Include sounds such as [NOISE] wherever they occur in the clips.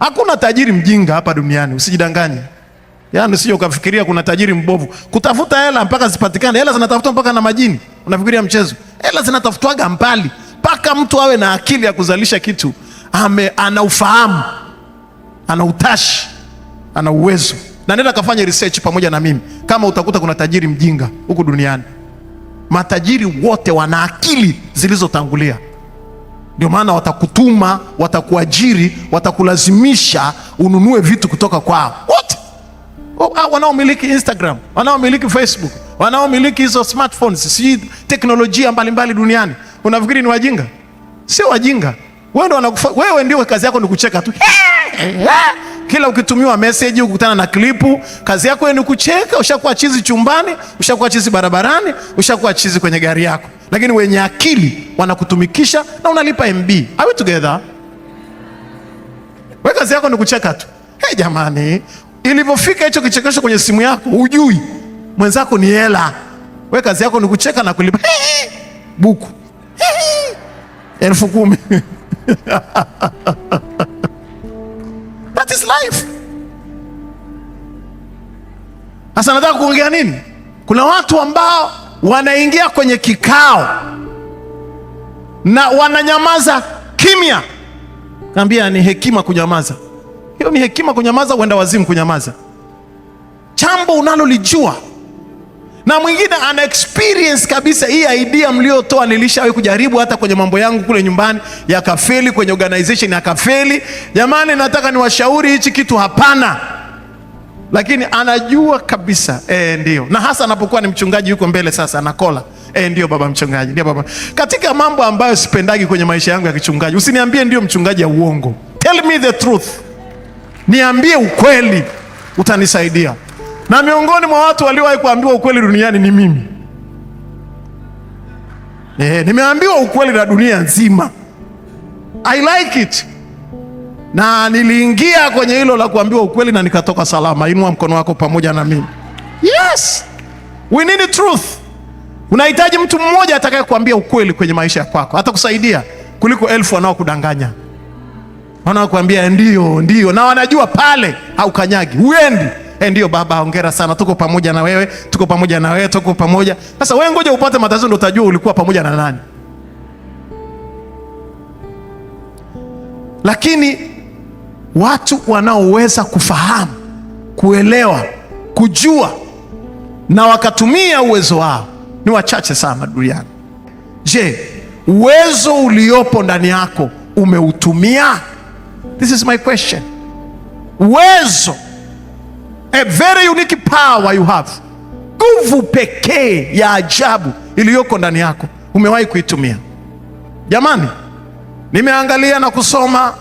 Hakuna tajiri mjinga hapa duniani, usijidanganye. Yaani usije ukafikiria kuna tajiri mbovu. Kutafuta hela mpaka zipatikane. Hela zinatafutwa mpaka na majini. Unafikiria mchezo? Hela zinatafutwaga mbali. Mpaka mtu awe na akili ya kuzalisha kitu. Ame ana ufahamu. Ana utashi. Ana uwezo. Na nenda kafanye research pamoja na mimi. Kama utakuta kuna tajiri mjinga huku duniani. Matajiri wote wana akili zilizotangulia. Ndio maana watakutuma, watakuajiri, watakulazimisha ununue vitu kutoka kwao What? Oh, ah, wanaomiliki Instagram, wanaomiliki Facebook, wanaomiliki hizo smartphones, si teknolojia mbalimbali duniani. Unafikiri ni wajinga? Sio wajinga. Wewe ndio wanakufa, wewe ndio kazi yako ni kucheka tu. Kila ukitumiwa message, ukutana na klipu, kazi yako ni kucheka. Ushakuwa chizi chumbani, ushakuwa chizi barabarani, ushakuwa chizi kwenye gari yako lakini wenye akili wanakutumikisha na unalipa MB. Are we together? kazi yako ni kucheka tu. Hey, jamani, ilivyofika hicho kichekesho kwenye simu yako hujui mwenzako ni hela. we kazi yako ni kucheka na kulipa hey, buku hey, elfu kumi [LAUGHS] That is life. Sasa nataka kuongea nini? Kuna watu ambao wanaingia kwenye kikao na wananyamaza kimya. Kaambia ni hekima kunyamaza, hiyo ni hekima kunyamaza, uenda wazimu kunyamaza jambo unalolijua na mwingine ana experience kabisa. Hii idea mliotoa nilishawahi kujaribu hata kwenye mambo yangu kule nyumbani, yakafeli. Kwenye organization yakafeli. Jamani, nataka niwashauri hichi kitu hapana lakini anajua kabisa e, ndio. Na hasa anapokuwa ni mchungaji yuko mbele sasa anakola e, ndio baba mchungaji, ndio baba. Katika mambo ambayo sipendagi kwenye maisha yangu ya kichungaji, usiniambie ndio mchungaji ya uongo. Tell me the truth, niambie ukweli, utanisaidia. Na miongoni mwa watu waliowahi kuambiwa ukweli duniani ni mimi. E, nimeambiwa ukweli na dunia nzima. I like it na niliingia kwenye hilo la kuambiwa ukweli na nikatoka salama. Inua mkono wako pamoja na mimi. Yes, we need truth. Unahitaji mtu mmoja atakayekuambia ukweli kwenye maisha ya kwako, hata kuliko elfu wanaokudanganya, wanaokuambia ndio ndio, na wanajua pale haukanyagi, uendi. Hey, eh, ndio baba, hongera sana, tuko pamoja na wewe, tuko pamoja na wewe, tuko pamoja. Sasa wewe ngoja upate matatizo, ndio utajua ulikuwa pamoja na nani. Lakini watu wanaoweza kufahamu, kuelewa, kujua na wakatumia uwezo wao ni wachache sana duniani. Je, uwezo uliopo ndani yako umeutumia? This is my question. Uwezo, a very unique power you have, nguvu pekee ya ajabu iliyoko ndani yako umewahi kuitumia? Jamani, nimeangalia na kusoma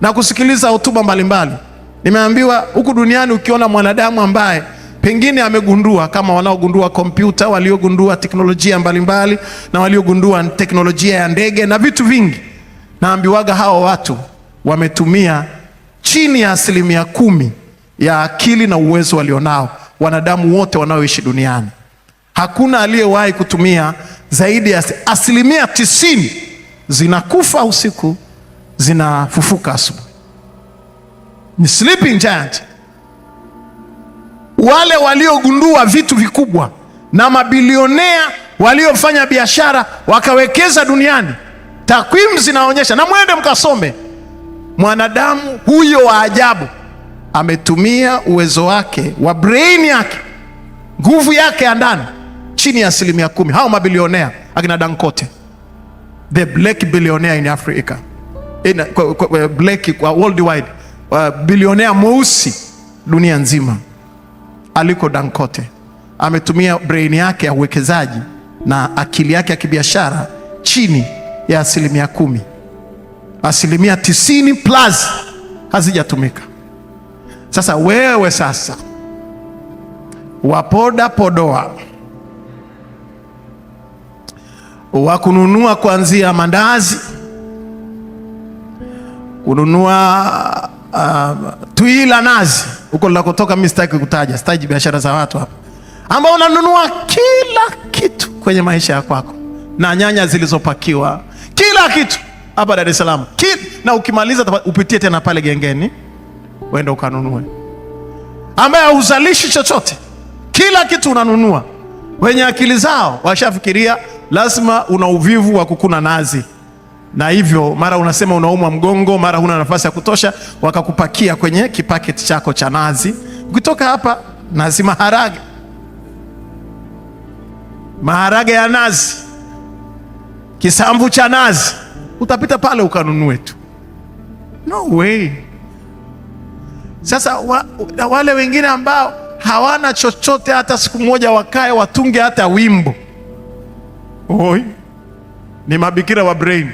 na kusikiliza hotuba mbalimbali. Nimeambiwa huku duniani ukiona mwanadamu ambaye pengine amegundua kama wanaogundua kompyuta, waliogundua teknolojia mbalimbali na waliogundua teknolojia ya ndege na vitu vingi, naambiwaga hao watu wametumia chini ya asilimia kumi ya akili na uwezo walionao wanadamu wote wanaoishi duniani. Hakuna aliyewahi kutumia zaidi ya asilimia tisini. Zinakufa usiku zinafufuka asubuhi, ni sleeping giant, wale waliogundua vitu vikubwa na mabilionea waliofanya biashara wakawekeza duniani. Takwimu zinaonyesha, na mwende mkasome. Mwanadamu huyo wa ajabu ametumia uwezo wake wa brain yake nguvu yake ya ndani chini ya asilimia kumi. Hao mabilionea akina Dangote, the black billionaire in Africa ina, eh, kwa, kwa, kwa worldwide uh, bilionea mweusi dunia nzima aliko Dangote ametumia brain yake ya uwekezaji na akili yake ya kibiashara chini ya asilimia kumi. Asilimia tisini plus hazijatumika. Sasa wewe sasa wapoda podoa wa kununua kuanzia mandazi ununua uh, tui la nazi huko linakotoka, mimi sitaki kutaja, sitaji biashara za watu hapa, ambao unanunua kila kitu kwenye maisha ya kwako na nyanya zilizopakiwa kila kitu hapa Dar es Salaam Kil na ukimaliza upitie tena pale gengeni uende ukanunue, ambaye hauzalishi chochote, kila kitu unanunua. Wenye akili zao washafikiria lazima una uvivu wa kukuna nazi na hivyo mara unasema unaumwa mgongo, mara huna nafasi ya kutosha, wakakupakia kwenye kipaketi chako cha nazi. Ukitoka hapa, nazi maharage, maharage ya nazi, kisamvu cha nazi, utapita pale ukanunue tu. No way. Sasa wa, wale wengine ambao hawana chochote hata siku moja, wakae watunge hata wimbo. Oi, ni mabikira wa brain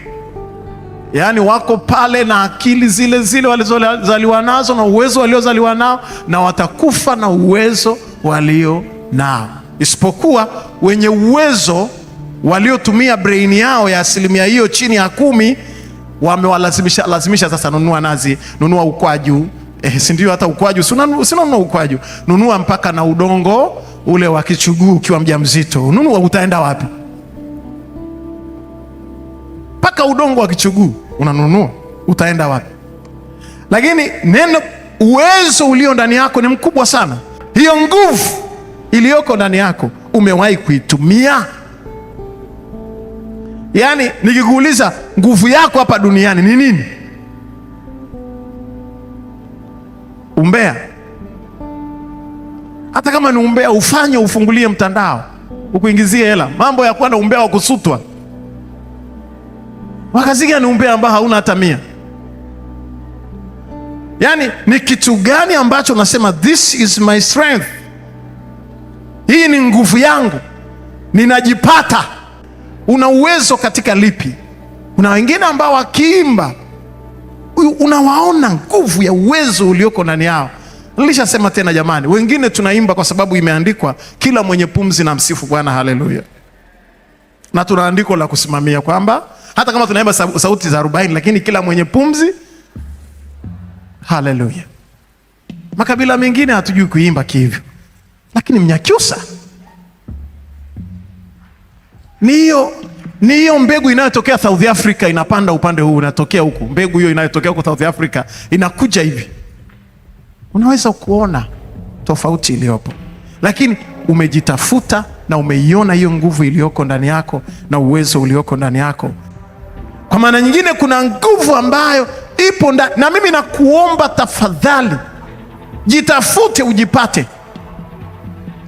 Yaani wako pale na akili zile zile walizozaliwa nazo na uwezo waliozaliwa nao, na watakufa na uwezo walio nao, isipokuwa wenye uwezo waliotumia breini yao ya asilimia hiyo chini ya kumi wamewalazimisha lazimisha sasa, nunua nazi, nunua ukwaju eh, si ndio? Hata ukwaju nunua ukwaju, nunua mpaka na udongo ule wa kichuguu ukiwa mjamzito, nunua, utaenda wapi? udongo wa kichuguu unanunua, utaenda wapi? Lakini neno uwezo ulio ndani yako ni mkubwa sana. Hiyo nguvu iliyoko ndani yako umewahi kuitumia? Yaani nikikuuliza nguvu yako hapa duniani ni nini? Umbea? Hata kama ni umbea, ufanye ufungulie mtandao ukuingizie hela. Mambo ya kuwa na umbea wa kusutwa Wakaziga ni umbea ambao hauna hata mia. Yaani ni kitu gani ambacho unasema this is my strength, hii ni nguvu yangu, ninajipata. Una uwezo katika lipi? Kuna wengine ambao wakiimba unawaona nguvu ya uwezo ulioko ndani yao. Nilishasema tena jamani, wengine tunaimba kwa sababu imeandikwa, kila mwenye pumzi na msifu Bwana, haleluya, na tuna andiko la kusimamia kwamba hata kama tunaimba sauti za arobaini, lakini kila mwenye pumzi haleluya. Makabila mengine hatujui kuimba kivyo, lakini Mnyakyusa ni hiyo ni hiyo mbegu inayotokea South Africa inapanda upande huu, inatokea huku. Mbegu hiyo inayotokea huko South Africa inakuja hivi, unaweza kuona tofauti iliyopo, lakini umejitafuta na umeiona hiyo nguvu iliyoko ndani yako na uwezo ulioko ndani yako. Kwa maana nyingine, kuna nguvu ambayo ipo ndani, na mimi nakuomba tafadhali, jitafute, ujipate.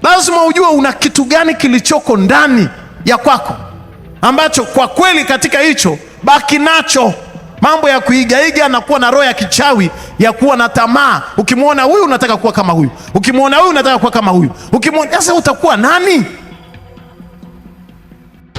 Lazima ujue una kitu gani kilichoko ndani ya kwako ambacho kwa kweli katika hicho baki nacho. Mambo ya kuigaiga na kuwa na roho ya kichawi ya kuwa na tamaa, ukimwona huyu unataka kuwa kama huyu, ukimwona huyu unataka kuwa kama huyu, ukimwona sasa, utakuwa nani?